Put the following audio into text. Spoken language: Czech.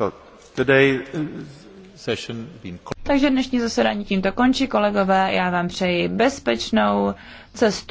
Uh, Takže dnešní zasedání tímto končí, kolegové. Já vám přeji bezpečnou cestu